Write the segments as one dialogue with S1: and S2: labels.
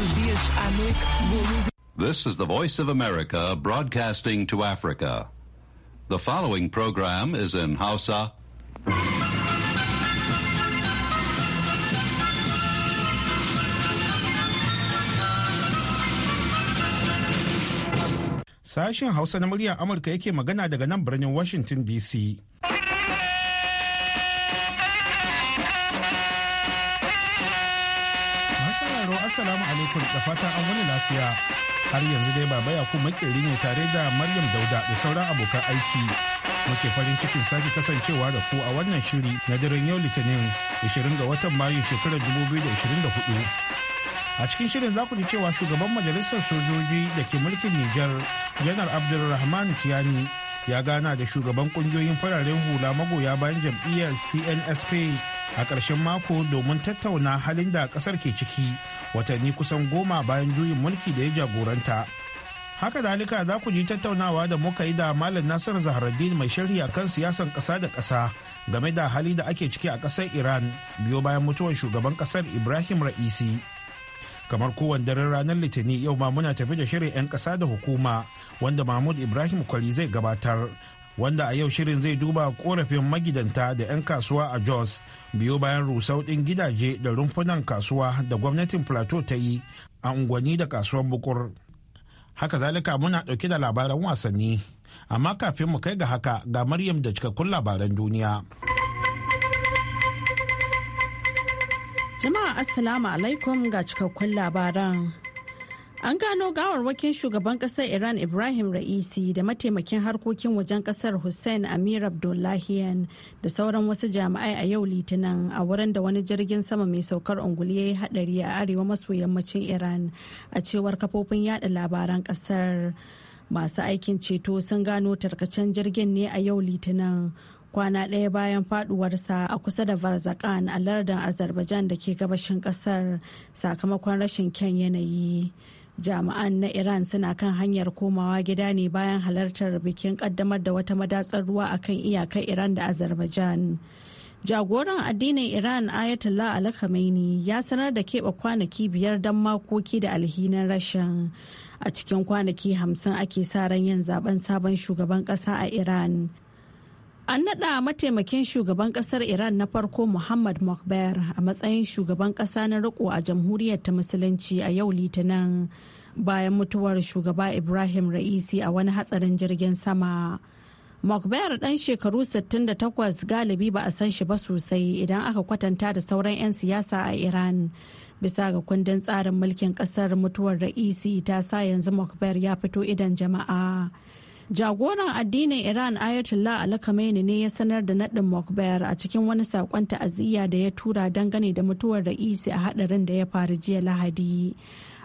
S1: os dias, à noite,
S2: This is the Voice of America broadcasting to Africa. The following program is in Hausa.
S3: Sashen Hausa na muryar Amurka yake magana daga nan birnin Washington DC. Assalamu alaikum da fatan an wani lafiya. Har yanzu dai baba ku makeri ne tare da Maryam Dauda da sauran abokan aiki. Muke farin cikin sake kasancewa da ku a wannan shiri na daren yau Litinin 20 ga watan Mayu shekarar 2024. A cikin shirin za ku ji cewa shugaban majalisar sojoji da ke mulkin niger Janar Abdulrahman Tiyani ya gana da shugaban kungiyoyin fararen hula magoya bayan jam'iyyar CNSP a ƙarshen mako domin tattauna halin da ƙasar ke ciki watanni kusan goma bayan juyin mulki da ya jagoranta. Haka dalika za ku ji tattaunawa da muka yi da Malam Nasir zahraddin mai sharhi kan siyasan ƙasa da ƙasa game da hali da ake ciki a ƙasar Iran biyo bayan mutuwar shugaban ƙasar Ibrahim Ra'isi. Kamar kowane daren ranar Litinin yau ma muna tafi da shirin 'yan ƙasa da hukuma wanda Mahmud Ibrahim Kwali zai gabatar wanda a yau shirin zai duba korafin magidanta da 'yan kasuwa a jos biyo bayan rusau din gidaje da rumfunan kasuwa da gwamnatin plateau ta yi a unguwanni da kasuwar bukur haka zalika muna ɗauke da labaran wasanni amma kafin mu kai ga haka ga maryam da cikakkun labaran duniya
S4: jama'a assalamu alaikum ga cikakkun labaran An gano gawarwakin shugaban kasar Iran Ibrahim Ra'isi da mataimakin harkokin wajen kasar Hussein Amir Abdullahian da sauran wasu jami'ai a yau Litinin a wurin da wani jirgin sama mai saukar ungulu ya yi hadari a arewa maso yammacin Iran a cewar kafofin yada labaran kasar. Masu aikin ceto sun gano tarkacen jirgin ne a yau Litinin. kwana ɗaya bayan faduwarsa a kusa da varzakan a lardin azerbaijan da ke gabashin ƙasar sakamakon rashin kyan yanayi jami'an na iran suna kan hanyar komawa gida ne bayan halartar bikin kaddamar da wata madatsar ruwa a kan iyakar iran da azerbaijan jagoran addinin iran ayatollah al ya sanar da keɓe kwanaki biyar don makoki da alhinin rashin a cikin kwanaki hamsin ake sa ran yin zaben sabon shugaban ƙasa a iran An naɗa mataimakin shugaban ƙasar Iran na farko Muhammad Mokbar a matsayin shugaban ƙasa na riko a jamhuriyar ta musulunci a yau litinin bayan mutuwar shugaba Ibrahim Ra'isi a wani hatsarin jirgin sama. Mokbar ɗan shekaru 68 galibi ba a san shi ba sosai idan aka kwatanta da sauran 'yan siyasa a Iran. Bisa ga kundin tsarin mulkin ƙasar mutuwar Ra'isi ta sa yanzu Mokbar ya fito idan jama'a. Jagoran addinin Iran Ayatollah Ali Khamenei ne ya sanar da naɗin Mokbayar a cikin wani saƙon ta'aziyya da ya tura dangane da mutuwar ra'isi a haɗarin da ya faru jiya Lahadi.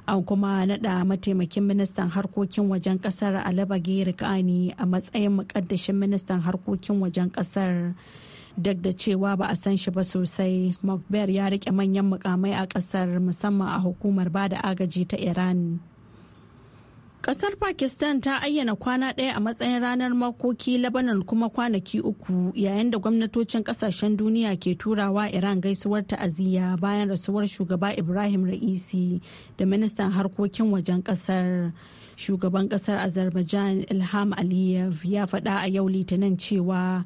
S4: An kuma naɗa mataimakin ministan harkokin wajen ƙasar Alabagi Rikani a matsayin muƙaddashin ministan harkokin wajen ƙasar. duk da cewa ba a san shi ba sosai mokbayar ya rike manyan mukamai a ƙasar musamman a hukumar bada agaji ta iran Kasar Pakistan ta ayyana kwana ɗaya a matsayin ranar makoki Lebanon kuma kwanaki uku yayin da gwamnatocin kasashen duniya ke turawa Iran gaisuwar ta'aziyya bayan rasuwar shugaba Ibrahim Ra'isi da ministan harkokin wajen kasar. Shugaban kasar Azerbaijan Ilham Aliyev ya faɗa a yau litinin cewa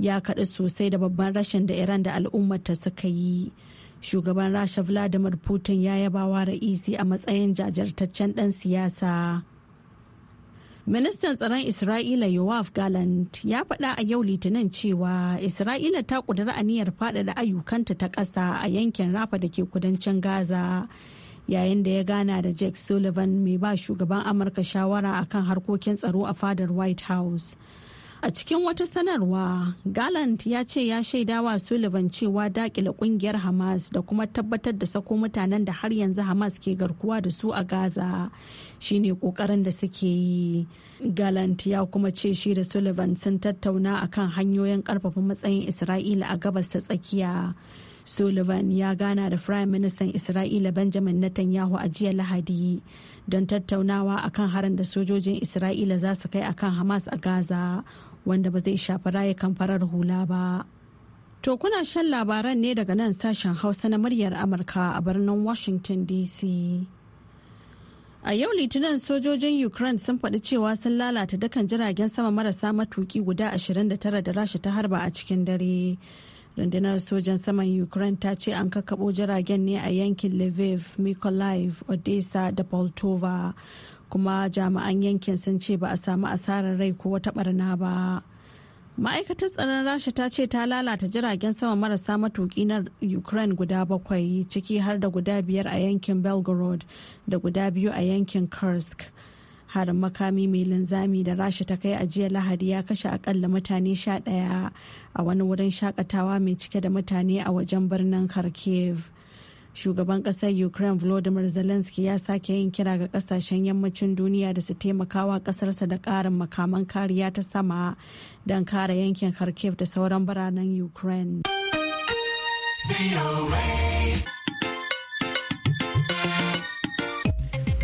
S4: ya kaɗi sosai da babban rashin da Iran da al'ummarta suka yi. Shugaban Rasha Vladimir Putin ya yabawa Ra'isi a matsayin jajirtaccen ɗan siyasa. Ministan tsaron Isra'ila Yoav Gallant ya faɗa a yau Litinin cewa Isra'ila ta a aniyar faɗaɗa ayyukanta ta ƙasa a yankin Rafa da ke kudancin Gaza. Yayin da ya gana da Jake Sullivan mai ba shugaban Amurka shawara akan harkokin tsaro a fadar White House. A cikin wata sanarwa, Gallant ya ce ya shaida wa Sullivan cewa dakila kungiyar Hamas da kuma tabbatar da sako mutanen da har yanzu Hamas ke garkuwa da su a Gaza shine kokarin da suke yi. Gallant ya kuma ce shi da Sullivan sun tattauna akan hanyoyin karfafa matsayin Isra'ila a gabas ta tsakiya. Sullivan ya gana da Firayim Ministan Isra'ila Benjamin Netanyahu a jiya Lahadi don tattaunawa akan harin da sojojin Isra'ila za su kai akan Hamas a Gaza wanda ba zai shafi rayukan farar hula ba. To kuna shan labaran ne daga nan sashen Hausa na muryar Amurka a birnin Washington DC. A yau Litinin sojojin Ukraine sun faɗi cewa sun lalata dukkan jiragen sama marasa matuki guda 29 da rasha ta harba a cikin dare. Rundunar sojan saman Ukraine ta ce an kakkaɓo jiragen ne a yankin Lviv, Mykolaiv, Odessa da Poltova. kuma jami'an yankin sun ce ba a samu asarar rai ko wata barna ba ma'aikatar tsaron rasha ta ce ta lalata jiragen sama marasa matuki na ukraine guda bakwai ciki har da guda biyar a yankin belgorod da guda biyu a yankin kursk harin makami mai linzami da rasha ta kai a jiya lahadi ya kashe akalla mutane sha ɗaya a wani wurin shakatawa mai cike da mutane a wajen birnin kharkiv shugaban kasar ukraine volodymyr zelensky ya sake yin kira ga kasashen yammacin duniya da su taimakawa kasarsa da karin makaman kariya ta sama don kare yankin kharkiv da sauran biranen ukraine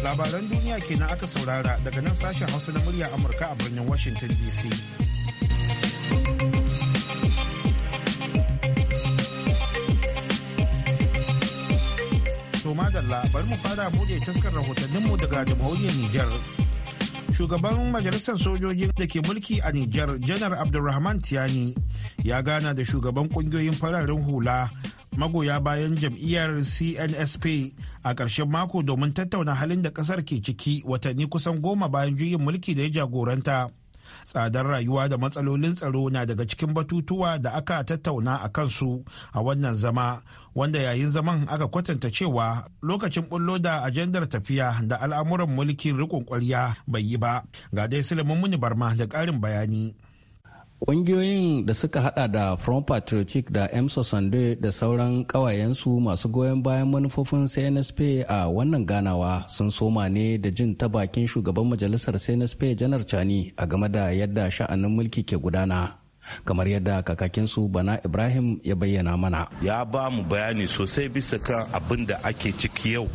S3: labaran duniya kenan aka saurara daga nan sashen hausa na murya amurka a birnin washington dc Allah bari mu fara bude taskar rahotanninmu daga jamhuriyar Nijar. Shugaban majalisar sojojin da ke mulki a Nijar, Janar Abdulrahman Tiani, ya gana da shugaban ƙungiyoyin fararen hula magoya bayan jam'iyyar CNSP a ƙarshen mako domin tattauna halin da ƙasar ke ciki watanni kusan goma bayan juyin mulki da ya jagoranta. tsadar rayuwa da matsalolin tsaro na daga cikin batutuwa da aka tattauna a kansu a wannan zama wanda yayin zaman aka kwatanta cewa lokacin bullo da ajandar tafiya da al'amuran mulkin riƙon ƙwarya bai yi ba ga dai silimin muni barma da ƙarin bayani
S5: Ƙungiyoyin da suka hada da Front Patriotic da EMSA Sande da sauran ƙawayensu masu goyon bayan manufofin CNSP a wannan ganawa sun soma ne da jin ta bakin shugaban majalisar CNSP Janar Chani a game da yadda sha'anin mulki ke gudana. kamar yadda kakakin su bana ibrahim ya bayyana mana
S6: ya ba mu bayani sosai bisa kan abin da ake ciki yau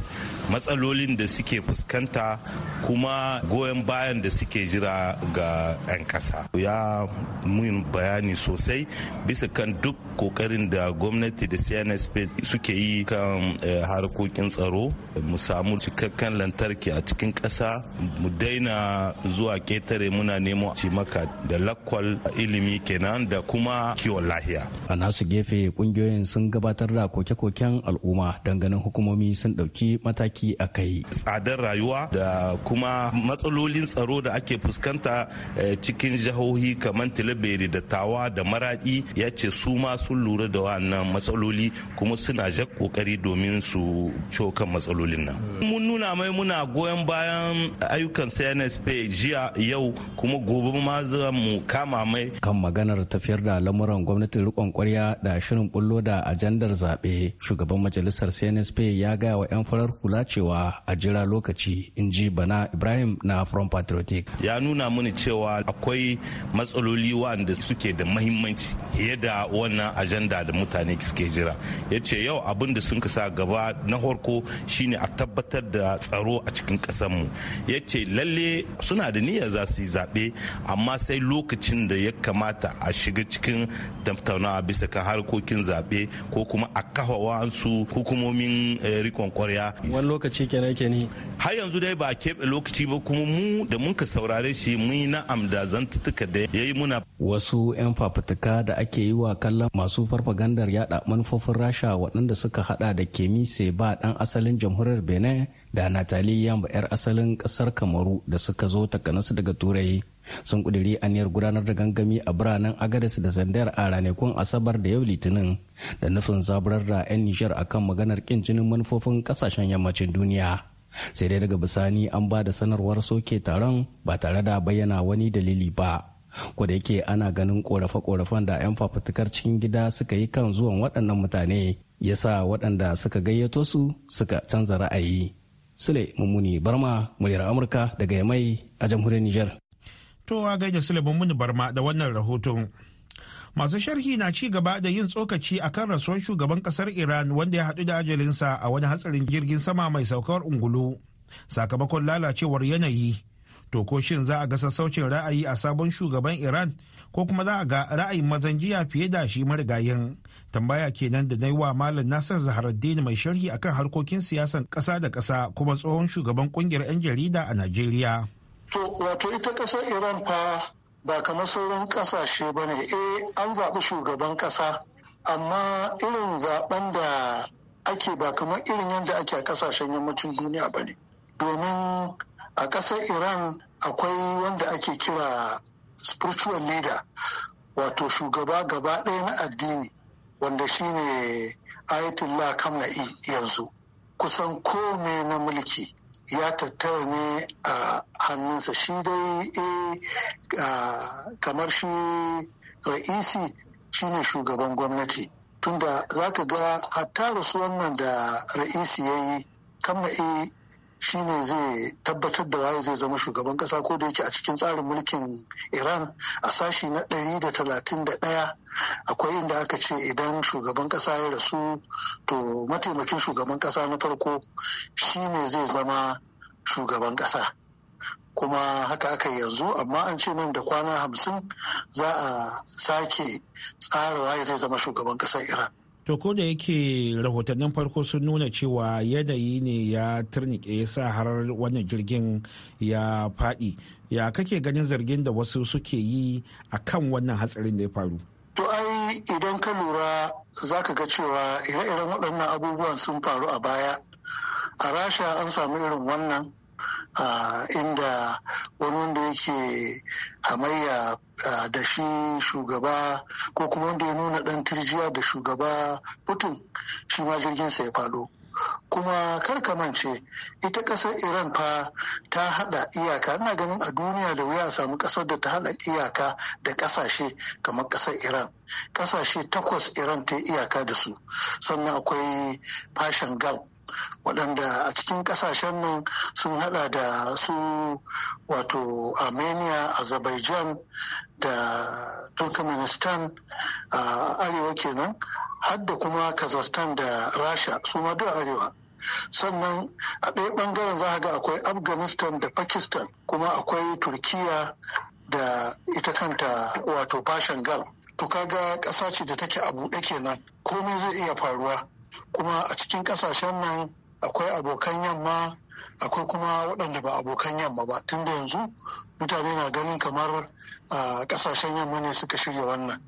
S6: matsalolin da suke fuskanta kuma goyon bayan da suke jira ga 'yan kasa ya mun bayani sosai bisa kan duk kokarin da gwamnati da cnsp suke yi kan eh, harkokin tsaro mu samu cikakken lantarki a cikin ƙasa mu daina zuwa ketare muna nemo cimaka da lakwal ilimi ke kenan da kuma kiwon lahiya.
S5: A nasu gefe kungiyoyin sun gabatar da koke-koken al'umma ganin hukumomi sun ɗauki mataki a kai.
S6: Tsadar rayuwa da kuma matsalolin tsaro da ake fuskanta eh, cikin jihohi kamar Tilabere da Tawa da Maradi ya ce su ma sun lura da wannan matsaloli kuma suna jak kokari domin su cokan matsalolin nan. Mun nuna mai muna goyon bayan ayyukan CNSP jiya yau kuma gobe ma za mu kama mai.
S5: Kan magana maganar tafiyar da lamuran gwamnatin rikon kwarya da shirin bullo da ajandar zaɓe shugaban majalisar cnsp ya gaya wa 'yan farar kula cewa a jira lokaci in ji bana ibrahim na from patriotic
S6: ya nuna mini cewa akwai matsaloli wanda suke da mahimmanci fiye da wannan ajanda da mutane suke jira ya ce yau abin da sun kasa gaba na farko shine a tabbatar da tsaro a cikin ƙasarmu ya ce lalle suna da niyyar za su yi zaɓe amma sai lokacin da ya kamata a shiga cikin tattaunawa bisa kan harkokin zaɓe ko kuma a kafa wasu hukumomin eh, rikon kwarya. Wani lokaci ke ke ni? Har yanzu dai ba a keɓe lokaci ba kuma mu da mun ka saurare shi mun yi na'am da zantutuka da ya yi muna.
S5: Wasu 'yan fafutuka da ake yi wa kallon masu farfagandar yaɗa manufofin Rasha waɗanda suka haɗa da Kemise ba ɗan asalin jamhuriyar Benin da Natali Yamba 'yar asalin ƙasar Kamaru da suka zo takanasu daga Turai sun kudiri aniyar gudanar da gangami a biranen agadis da zandar a ranakun asabar da yau litinin da nufin zaburar da 'yan nishar kan maganar kin jinin manufofin kasashen yammacin duniya sai dai daga bisani an ba da sanarwar soke taron ba tare da bayyana wani dalili ba ko da yake ana ganin korafe-korafen da 'yan fafutukar cikin gida suka yi kan zuwan waɗannan mutane ya sa waɗanda suka gayyato su suka canza ra'ayi sule mummuni barma muryar amurka daga yamai a jamhuriyar
S3: niger To gaida Suleiman Muni Barma da wannan rahoton. Masu sharhi na ci gaba da yin tsokaci a kan rasuwar shugaban kasar Iran wanda ya haɗu da ajalinsa a wani hatsarin jirgin sama mai saukar ungulu sakamakon lalacewar yanayi. To ko shin za a ga sassaucin ra'ayi a sabon shugaban Iran ko kuma za a ga ra'ayin mazan jiya fiye da shi marigayin tambaya kenan da na yi wa Malam Nasir Zaharaddini mai sharhi akan harkokin siyasan ƙasa da ƙasa kuma tsohon shugaban kungiyar 'yan jarida a Najeriya.
S7: To wato ita ƙasar Iran fa ba kamar sauran ƙasashe ba ne, eh an zaɓi shugaban ƙasa, amma irin zaɓen da ake ba kamar irin yadda ake a ƙasashen yammacin duniya ba ne. Domin a ƙasar Iran akwai wanda ake kira spiritual leader, wato shugaba gaba ɗaya na addini, wanda shi ne Ayatollah Kamna'i yanzu. Kusan ko na mulki ya tattara ne a hannunsa shi dai eh, kamar shi ra'isi shi ne shugaban gwamnati tunda za ka ga hatta rasuwan nan da ra'isi ya yi kama eh, shine zai tabbatar da waye zai zama shugaban kasa ko da yake a cikin tsarin mulkin iran a sashi na ɗari da talatin da ɗaya akwai inda aka ce idan shugaban kasa ya rasu to mataimakin shugaban kasa na farko shine zai zama shugaban kasa kuma haka aka yanzu amma an ce nan da kwana hamsin za a sake tsara waye zai zama shugaban kasar iran
S3: to ko da yake rahotannin farko sun nuna cewa yanayi ne ya turnike sa har wannan jirgin ya faɗi ya kake ganin zargin da wasu suke yi a kan wannan hatsarin da ya faru
S7: to ai idan ka lura za ka ga cewa ire-iren waɗannan abubuwan sun faru a baya a rasha an samu irin wannan inda wani wanda yake hamayya da shi shugaba ko kuma wanda ya nuna ɗan turjiya da shugaba putin shi ma jirginsa ya faɗo kuma karka mance ita ƙasar iran fa ta hada iyaka ina ganin a duniya da wuya a samu ƙasar da ta hada iyaka da ƙasashe kamar ƙasar iran ƙasashe takwas iran ta iyaka da su sannan akwai fashin gal waɗanda a cikin ƙasashen nan sun haɗa da su wato armenia azerbaijan da turkmenistan a arewa kenan har da kuma kazakhstan da rasha su ma duk arewa sannan a ɗaya ɓangaren za ga akwai afghanistan da pakistan kuma akwai turkiya da ita kanta wato bashan gal to kaga ƙasa ce da take a buɗe kenan komai zai iya faruwa kuma a cikin kasashen nan akwai abokan yamma akwai kuma waɗanda ba abokan yamma ba Tunda yanzu mutane na ganin kamar kasashen yamma ne suka shirya wannan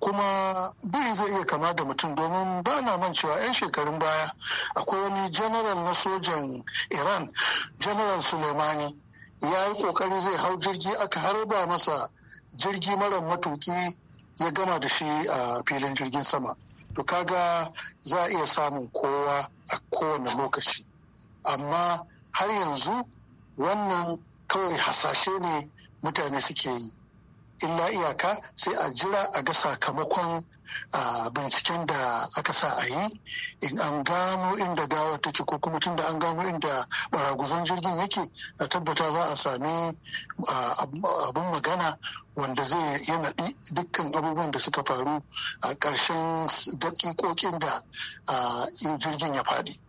S7: kuma biri zai iya kama da mutum domin ba na man cewa 'yan shekarun baya akwai wani janaral na sojan iran janaral suleimani ya yi kokari zai hau jirgi aka harba masa jirgi mara matuki ya gama da shi a filin jirgin sama to kaga za a iya samun kowa a kowane lokaci amma har yanzu wannan kawai hasashe ne mutane suke yi illa iyaka sai a jira a ga sakamakon binciken da aka sa a yi in an gano inda gawar take ko kuma tun da an gano inda baraguzan jirgin yake a tabbata za a sami abin magana wanda zai ya naɗi dukkan abubuwan da suka faru a ƙarshen daƙiƙoƙin da jirgin ya faɗi.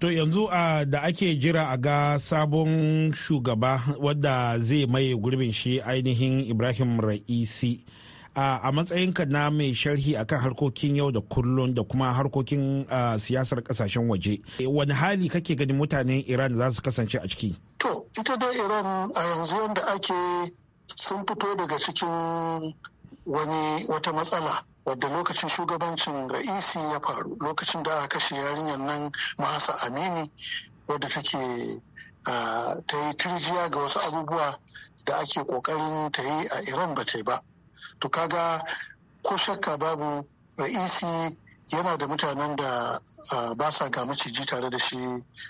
S3: To yanzu a da ake jira a ga sabon shugaba wadda zai maye gurbin shi ainihin Ibrahim Ra'isi. a matsayinka na mai sharhi akan harkokin yau da kullun da kuma harkokin siyasar kasashen waje wani hali kake ganin mutanen iran za su kasance a ciki
S7: to ita da iran a yanzu yadda ake sun fito daga cikin wani wata matsala wadda lokacin shugabancin ra'isi ya faru lokacin da aka kashe yarinyar nan mahasa amini wadda take ta yi turjiya ga wasu abubuwa da ake kokarin ta yi a iran ba ta yi ba to kaga ko shakka babu ra'isi yana da mutanen da ba sa ga maciji tare da shi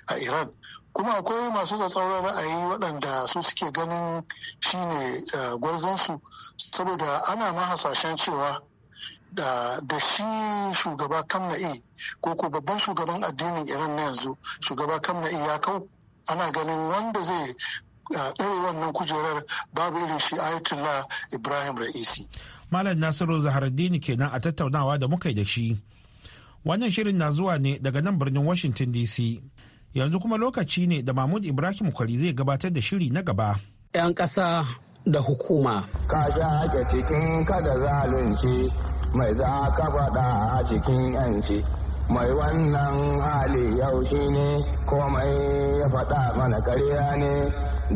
S7: a iran kuma akwai masu tsatsauran ra'ayi waɗanda su suke ganin shine gwarzonsu saboda ana ma hasashen cewa da shi shugaba kamna'i ko ko babban shugaban addinin iran na yanzu shugaba kamna'i ya kau ana ganin wanda zai ɗaya wannan kujerar babu irin shi ayatollah ibrahim ra'isi
S3: malam nasiru zaharaddini kenan a tattaunawa da muka yi da shi wannan shirin na zuwa ne daga nan birnin washington dc yanzu kuma lokaci ne da mahmud ibrahim kwari zai gabatar da shiri na gaba 'yan ƙasa da hukuma
S8: ka sha cikin kada zalunci mai za ka faɗa a cikin yanci mai wannan hali yau shi ne komai ya faɗa mana karya ne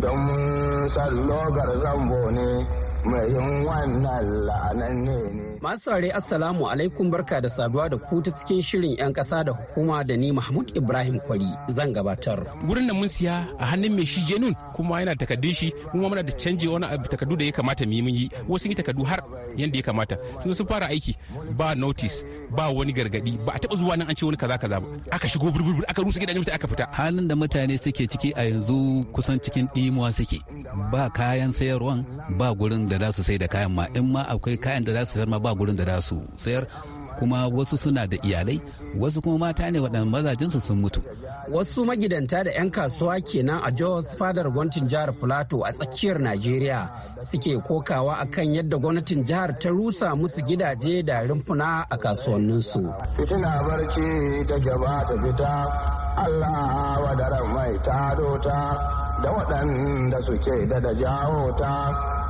S8: don sallogar zambo ne mai yin wannan la'anan ne ne
S1: Masu saurare Assalamu alaikum barka da saduwa da ku ta cikin shirin 'yan ƙasa da hukuma da ni Mahmud Ibrahim Kwari
S9: zan gabatar. Wurin da mun siya a hannun mai shi Jenun kuma yana takardun shi kuma muna da canje wani takardu da ya kamata mu yi mun yi wasu yi takardu har yadda ya kamata sun sun fara aiki ba notice ba wani gargadi ba a taɓa zuwa nan an ce wani kaza kaza ba
S2: aka shigo burbur aka rusa gidajen sai aka fita. Halin da mutane suke ciki a yanzu kusan cikin ɗimuwa suke ba kayan sayarwan ba gurin da za su sai da kayan ma in ma akwai kayan da za su sayar ma ba gurin da za su sayar kuma wasu suna da iyalai wasu kuma mata ne waɗanda mazajensu sun mutu.
S1: Wasu magidanta da 'yan kasuwa kenan a Jos fadar gwamnatin jihar Plateau a tsakiyar Najeriya suke kokawa akan yadda gwamnatin jihar ta rusa musu gidaje da
S8: rumfuna
S1: a kasuwanninsu.
S8: Fitina barci da gaba ta fita, Allah wadaran mai ta da waɗanda suke da da jawo ta,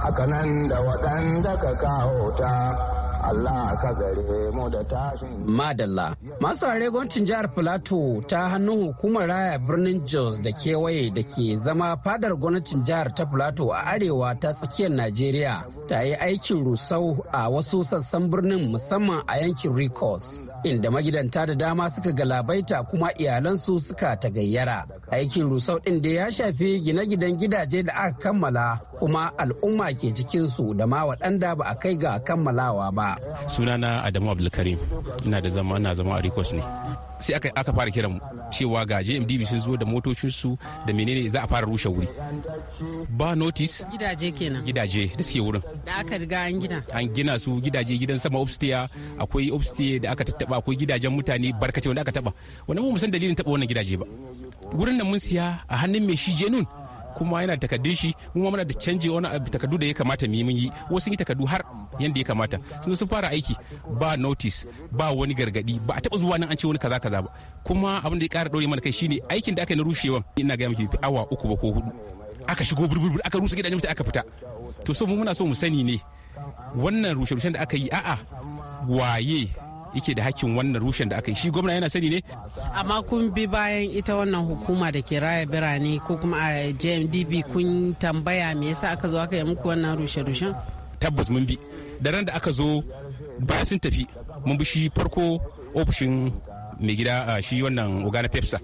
S8: hakanan da waɗanda ka kawo ta. Allah ka gare mu da
S1: Madalla, masu gwamnatin jihar
S8: Filato ta hannun
S1: hukumar raya birnin Jos da kewaye da ke zama fadar gwamnatin jihar ta Filato a arewa ta tsakiyar Najeriya ta yi aikin rusau a wasu sassan birnin musamman a yankin Rikos, inda magidanta da dama suka galabaita kuma iyalansu suka ta gayyara Aikin rusau ɗin da ya shafi gine gidan gidaje da aka kammala kuma al'umma ke cikinsu da ma waɗanda ba a kai ga kammalawa ba.
S9: sunana adamu abdulkarim ina da zama ina zama a rikos ne sai aka aka fara kiran mu cewa ga JMDB sun zo da motocinsu da menene za a fara rushe wuri ba notice gidaje kenan gidaje da suke wurin
S1: da aka riga an gina
S9: an gina su gidaje gidan sama upstairs akwai upstairs da aka tattaba akwai gidajen mutane barkace wanda aka taba wannan mu san dalilin taba wannan gidaje ba wurin da mun siya a hannun mai shi jenun kuma yana takaddun shi mu ma muna da canje wani takaddu da ya kamata mu yi mun yi wasu yi takaddu har yanda ya kamata sun sun fara aiki ba notice ba wani gargadi ba a taba zuwa nan an ce wani kaza kaza ba kuma abin da ya kara dore mana kai shine aikin da aka yi na rushewa ina ga miki awa uku ba ko hudu aka shigo burburbur aka rusa gidajen sai aka fita to so mu muna so mu sani ne wannan rushe-rushen da aka yi a'a waye yake da hakkin wannan rushen da aka yi shi gwamna yana sani ne amma kun bi bayan
S1: ita wannan hukuma da ke raya birane ko kuma a jmdb kun tambaya me yasa aka
S9: zo aka yi muku wannan rushe-rushen tabbas mun bi da ran da aka zo baya sun tafi mun bi shi farko ofishin mai gida shi wannan ogana pepsa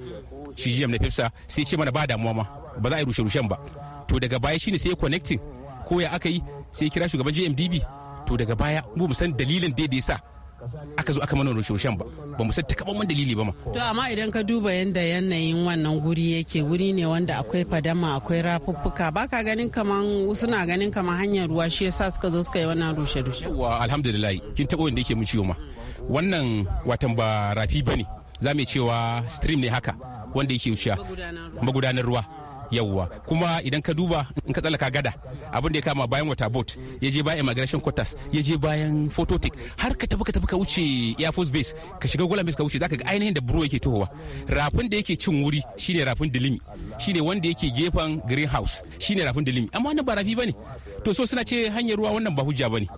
S9: shi gm na pepsa sai ce mana ba damuwa ma ba za a yi rushe-rushen ba to daga baya shine sai connecting ko ya aka yi sai kira shugaban jmdb to daga baya mu san dalilin da ya sa aka zo aka mana rushe-rushen ba ba mu san kaban dalili ba ma.
S1: To amma idan ka duba yadda yanayin wannan guri yake wuri ne wanda akwai fadama akwai rafuffuka ba ka ganin kaman suna ganin kaman hanyar ruwa shi yasa suka zo suka yi wannan rushe-rushe.
S9: Wa alhamdulillah kin taɓa inda yake mun ciwo ma wannan watan ba rafi ba ne za mu cewa stream ne haka wanda yake wuciya magudanar ruwa. yawwa kuma idan ka duba in ka tsallaka gada abin da ya kama bayan wata boat ya je bayan immigration quarters ya je bayan phototic har ka tafi ka tafi wuce air force base ka shiga gola base ka wuce zaka ga ainihin da buro yake tohowa rafin da yake cin wuri shine rafin dilimi shine wanda yake gefen greenhouse shine rafin dilimi amma wannan ba rafi bane to so suna ce hanyar ruwa wannan ba hujja bane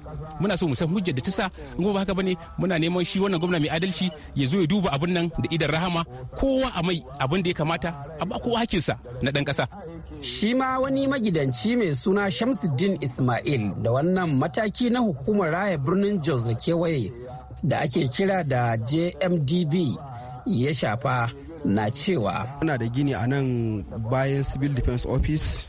S9: muna so mu san hujjar da ta sa in ba haka bane muna neman shi wannan gwamna mai adalci ya zo ya duba abin nan da idan rahama kowa a mai abin da ya kamata a ba kowa hakinsa na dan kasa
S1: shi ma wani magidanci mai suna Shamsuddin Ismail da wannan mataki na hukumar raya birnin Jos da kewaye
S10: da ake kira da JMDB ya shafa na cewa muna da gini a nan bayan civil defense office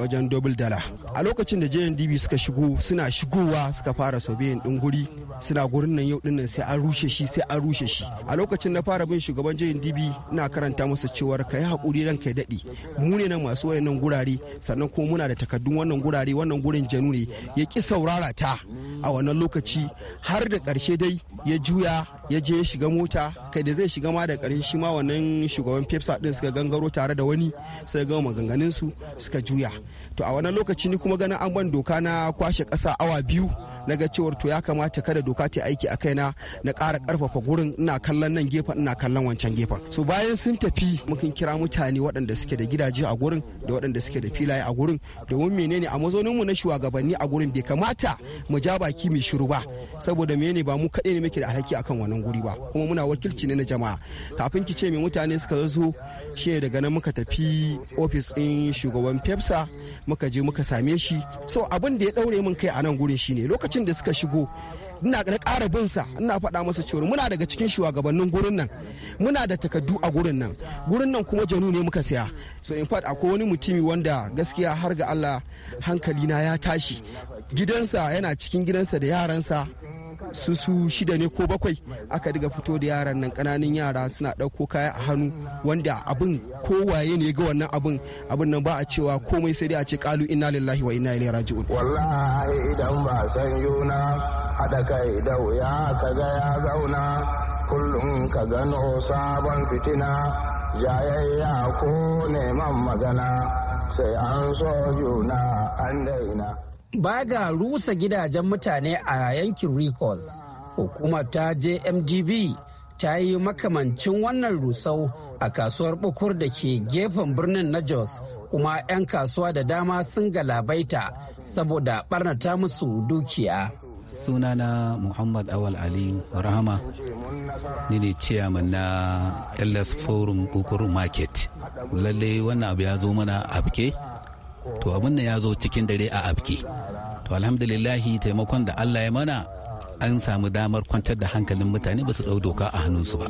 S10: wajen dobil dala a lokacin da jndb suka shigo suna shigowa suka fara sobeyin din guri suna gurin nan yau dinnan sai an rushe shi sai an rushe shi a lokacin na fara bin shugaban jndb ina karanta masa cewar ka yi haƙuri ran kai daɗi mu ne nan masu wayannan gurare sannan kuma muna da takaddun wannan gurare wannan gurin janu ne ya ki saurara ta a wannan lokaci har da ƙarshe dai ya juya ya je ya shiga mota kai da zai shiga ma da ƙarin shi ma wannan shugaban pepsa din suka gangaro tare da wani sai gama maganganun su suka juya to a wannan lokaci ni kuma ganin an ban doka na kwashe kasa awa biyu na ga cewar to ya kamata kada doka ta aiki a kaina na ƙara ƙarfafa gurin ina kallon nan gefen ina kallon wancan gefen so bayan sun tafi mukan kira mutane waɗanda suke da gidaje a gurin da waɗanda suke da filaye a gurin domin menene a mazaunin mu na shugabanni a gurin bai kamata mu ja baki mai shiru ba saboda menene ba mu kaɗai ne muke da alhaki akan wannan guri ba kuma muna wakilci ne na jama'a kafin ki ce me mutane suka zo shine daga nan muka tafi ofis ɗin shugaban pepsa muka je muka same shi so abin da ya daure min kai a nan gurin shine lokacin da suka shigo ina na ƙara bin sa ina faɗa masa cewa muna daga cikin shugabannin gurin nan muna da takaddu a gurin nan gurin nan kuma janu ne muka saya so in fact akwai wani mutumi wanda gaskiya har ga Allah hankali na ya tashi gidansa yana cikin gidansa da yaransa su su shida ne ko bakwai aka diga fito da yaran nan kananan yara suna ɗauko kaya a hannu wanda abin kowaye ne ga wannan abin abin nan ba a cewa komai sai dai a ce kalu inna lillahi wa inna ilaihi
S8: raji'un wallahi idan ba san yuna hada kai da wuya ga ya zauna kullum ka gano sabon fitina jayayya ko neman magana sai an so juna an daina
S1: ba ga rusa gidajen mutane a yankin Rikos. Hukumar ta JMDB ta yi makamancin wannan rusau a kasuwar bukur da ke gefen birnin na Jos kuma 'yan kasuwa da dama sun galabaita saboda barnata musu dukiya.
S2: sunana muhammad awal ali rahama ni ne ciyaman na ellis forum bukur market lallai wannan abu ya zo mana afke to abin da ya zo cikin dare a abke to alhamdulillahi taimakon da allah ya mana an samu damar kwantar da hankalin mutane ba su ɗau doka a hannunsu ba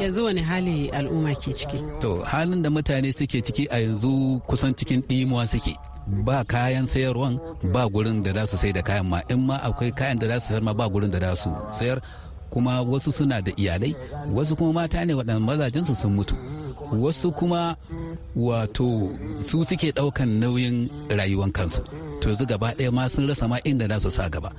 S1: yanzu wani hali al'umma ke ciki
S2: to halin da mutane suke ciki a yanzu kusan cikin ɗimuwa suke ba kayan sayarwan ba gurin da za su sai da kayan ma in ma akwai kayan da za su sayar ma ba gurin da za su sayar kuma wasu suna da iyalai wasu kuma mata ne waɗanda mazajensu sun mutu wasu kuma wato su suke ɗaukan nauyin rayuwan kansu to yanzu gaba ɗaya ma sun rasa ma inda za su sa gaba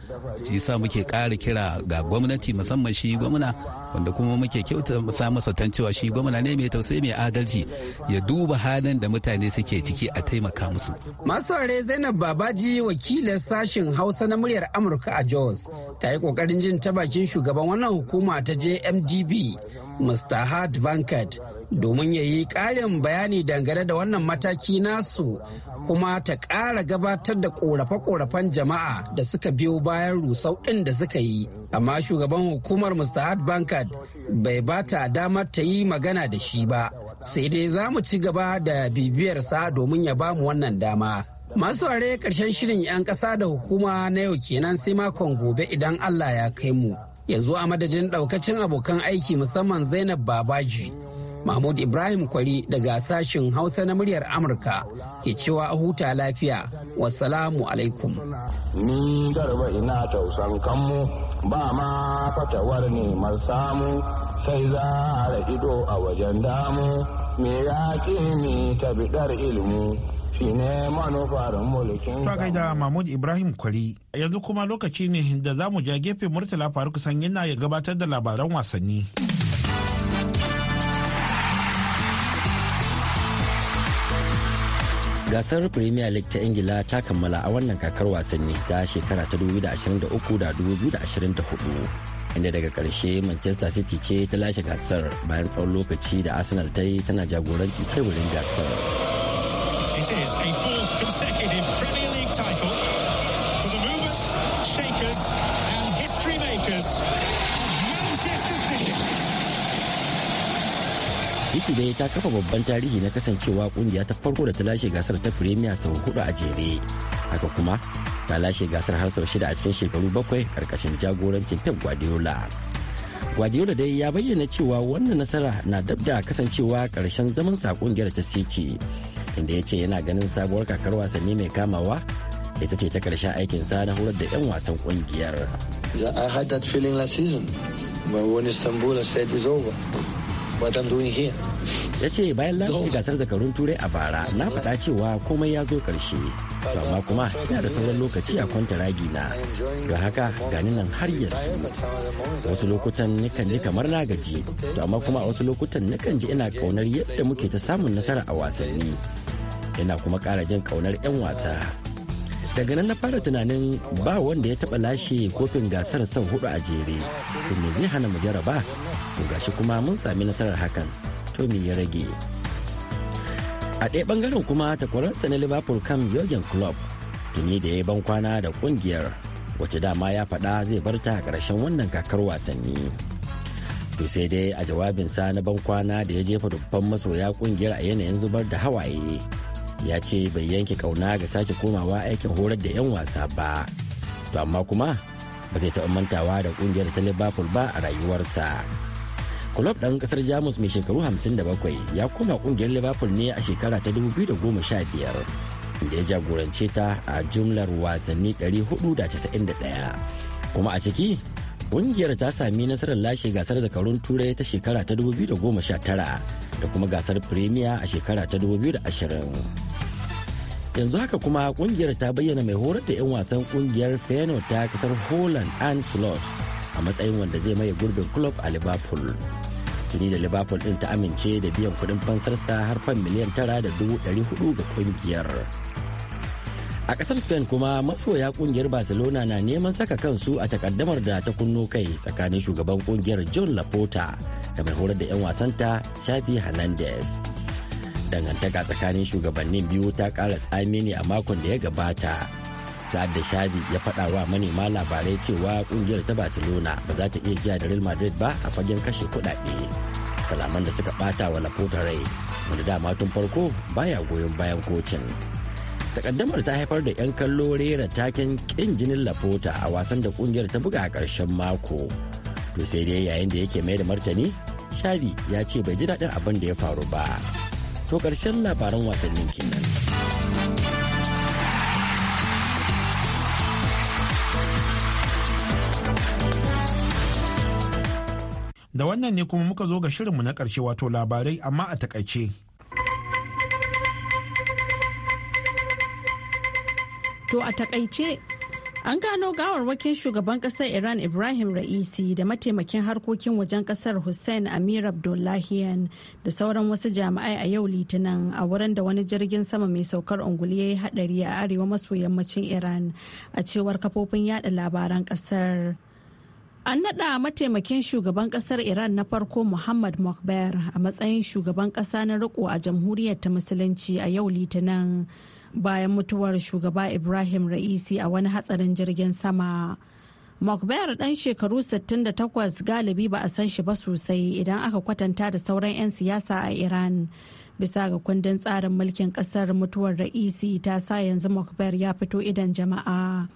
S2: shi yasa muke ƙara kira ga gwamnati musamman shi gwamna wanda kuma muke kyauta sa masa cewa shi gwamna ne mai tausayi mai adalci ya duba halin da mutane suke ciki a taimaka musu
S1: masu are zainab babaji wakilin sashin hausa na muryar amurka a jos ta yi kokarin jin ta bakin shugaban wannan hukuma ta jmdb mr hart bankat domin ya yi ƙarin bayani dangane da wannan mataki nasu kuma ta ƙara gabatar da ƙorafe-ƙorafen jama'a da suka biyo bayan rusau ɗin da suka yi amma shugaban hukumar mustahad bankad bai ba ta damar ta yi magana da shi ba sai dai za mu ci gaba da bibiyarsa domin ya ba mu wannan dama masu ware ƙarshen shirin 'yan ƙasa da hukuma na yau kenan sai makon gobe idan allah ya kai mu yanzu a madadin ɗaukacin abokan aiki musamman zainab babaji Mahmud Ibrahim Kwari daga sashen Hausa na muryar Amurka ke cewa a huta lafiya. Wassalamu
S8: alaikum. Ni garba ina tausan kanmu ba ma fatawar ne samu sai za a ido a wajen damu me ya ce ni tabidar ilimi shi ne manufar mulkin ta gaida
S3: mahmud ibrahim kwari yanzu kuma lokaci ne da za mu ja gefe murtala faruk sanyina yana ya gabatar da labaran wasanni.
S11: gasar premier league ta ingila ta kammala a wannan kakar wasanni ta shekara ta 2023 da 2024 inda daga karshe manchester city ce ta lashe gasar bayan tsawon lokaci da arsenal ta yi tana jagoranci wurin gasar
S3: Shakers and history makers.
S11: City dai ta kafa babban tarihi na kasancewa kungiya ta farko da ta lashe gasar ta Premier sau hudu a jere. Haka kuma ta lashe gasar har sau shida a cikin shekaru bakwai karkashin jagorancin Pep Guardiola. Guardiola dai ya bayyana cewa wannan nasara na dab da kasancewa karshen zaman sa kungiyar ta City. Inda ya ce yana ganin sabuwar kakar wasanni mai kamawa ita ce ta karshen aikin sa na horar da 'yan wasan kungiyar. I had that feeling last season when Istanbul said it's over. watan duniya. Ya ce bayan lashe gasar zakarun turai a bara na faɗa cewa komai ya zo karshe Amma kuma ina da sauran lokaci a kwanta ragi na. Don haka gani nan har yanzu. Wasu lokutan nakan ji kamar na gaji. To amma kuma a wasu lokutan nakan ji ina ƙaunar yadda muke ta samun nasara a wasanni. Ina kuma kara jin kaunar 'yan wasa. daga nan na fara tunanin ba wanda ya taba lashe kofin gasar sau hudu a jere to me zai hana mu jaraba to gashi kuma mun sami nasarar hakan to me ya rage a ɗaya bangaren kuma takwararsa na liverpool kan yogin club tuni da ya ban kwana da kungiyar wacce dama ya faɗa zai bar ta a ƙarshen wannan kakar wasanni to sai dai a jawabinsa na ban kwana da ya jefa dubban masoya kungiyar a yanayin zubar da hawaye ya ce bai yanke kauna ga sake komawa aikin horar da 'yan wasa ba to amma kuma ba zai taɓa mantawa da kungiyar ta liverpool ba a rayuwarsa. Kulob ɗan ƙasar Jamus mai shekaru 57 ya koma ƙungiyar Liverpool ne a shekara ta 2015 da ya jagorance ta a jumlar wasanni 491 kuma a ciki ƙungiyar ta sami nasarar lashe gasar zakarun turai ta shekara ta 2019 da kuma gasar premier a shekara ta 2020. yanzu haka kuma ƙungiyar ta bayyana mai horar da 'yan wasan ƙungiyar feno ta kasar holland and slot a matsayin wanda zai maye gurbin club a liverpool tuni da liverpool din ta amince da biyan kudin fansarsa har fan miliyan tara da dubu ɗari hudu ga kungiyar a kasar spain kuma masoya kungiyar barcelona na neman saka kansu a takaddamar da ta kunno kai tsakanin shugaban kungiyar john laporta da mai horar da 'yan wasanta shafi hernandez dangantaka tsakanin shugabannin biyu ta kara tsami ne a makon da ya gabata sa'ad da shavi ya faɗa wa manema labarai cewa kungiyar ta barcelona ba za ta iya jiya da real madrid ba a fagen kashe kuɗaɗe kalaman da suka ɓata wa laporta rai wanda dama tun farko baya goyon bayan kocin takaddamar ta haifar da 'yan kallo rera taken kin jinin laporta a wasan da kungiyar ta buga a ƙarshen mako to sai dai yayin da yake mai da martani shadi ya ce bai ji daɗin abin da ya faru ba to ƙarshen labaran wasannin kenan.
S3: da wannan ne kuma muka zo ga shirinmu na ƙarshe wato labarai amma a takaice.
S4: To a takaice an gano gawarwakin shugaban ƙasar Iran Ibrahim Ra'isi da mataimakin harkokin wajen ƙasar Hussein Amir Abdullahian da sauran wasu jami'ai a yau litinin a wurin da wani jirgin sama mai saukar unguli ya yi haɗari a arewa maso yammacin Iran a cewar kafofin yada labaran ƙasar. An naɗa mataimakin shugaban ƙasar Iran na farko Muhammad Mokbar a matsayin shugaban ƙasa na riko a jamhuriyar ta musulunci a yau litinin bayan mutuwar shugaba Ibrahim Ra'isi a wani hatsarin jirgin sama. Mokbar ɗan shekaru 68 galibi ba a san shi ba sosai idan aka kwatanta da sauran 'yan siyasa a Iran. Bisa ga kundin tsarin mulkin ƙasar mutuwar Ra'isi ta sa yanzu Mokbar ya fito idan jama'a.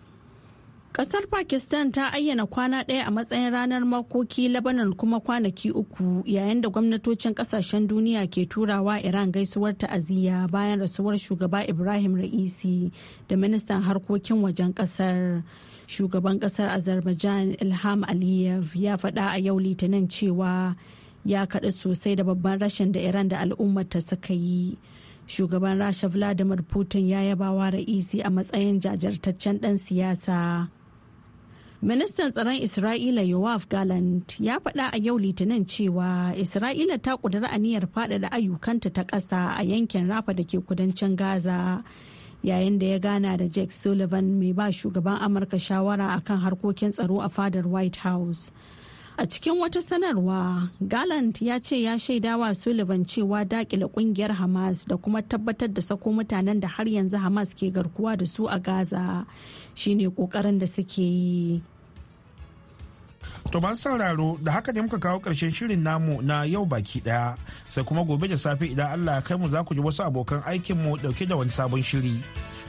S4: Kasar Pakistan ta ayyana kwana ɗaya a matsayin ranar makoki Lebanon kuma kwanaki uku yayin da gwamnatocin kasashen duniya ke turawa Iran gaisuwar ta'aziyya bayan rasuwar shugaba Ibrahim Ra'isi da ministan harkokin wajen kasar. Shugaban kasar Azerbaijan Ilham Aliyev ya faɗa a yau Litinin cewa ya kaɗi sosai da babban rashin da Iran da al'ummarta suka yi. Shugaban Rasha Vladimir Putin ya yabawa Ra'isi a matsayin jajirtaccen ɗan siyasa. Ministan tsaron Isra'ila Yoav Gallant ya faɗa a yau Litinin cewa Isra'ila ta ƙudiri aniyar faɗaɗa ayyukanta ta ƙasa a yankin Rafa da ke kudancin Gaza. Yayin da ya gana da Jake Sullivan mai ba shugaban Amurka shawara akan harkokin tsaro a fadar White House. A cikin wata sanarwa, Gallant ya ce ya shaidawa Sullivan cewa dakile kungiyar Hamas da kuma tabbatar da sako mutanen da har yanzu Hamas ke garkuwa da su a Gaza shine kokarin da suke yi.
S3: To ba sauraro da haka ne muka kawo ƙarshen shirin namu na yau baki ɗaya sai kuma gobe da safe idan Allah ya kai mu za ku ji wasu abokan aikinmu ɗauke da wani sabon shiri.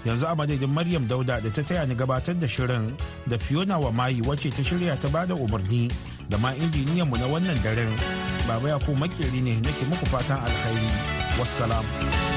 S3: Yanzu a madadin Maryam Dauda da ta taya ni gabatar da shirin da Fiona wa mayi wacce ta shirya ta bada umarni da ma injiniyan mu na wannan daren. Baba ya ku makeri ne nake muku fatan alkhairi. Wassalamu.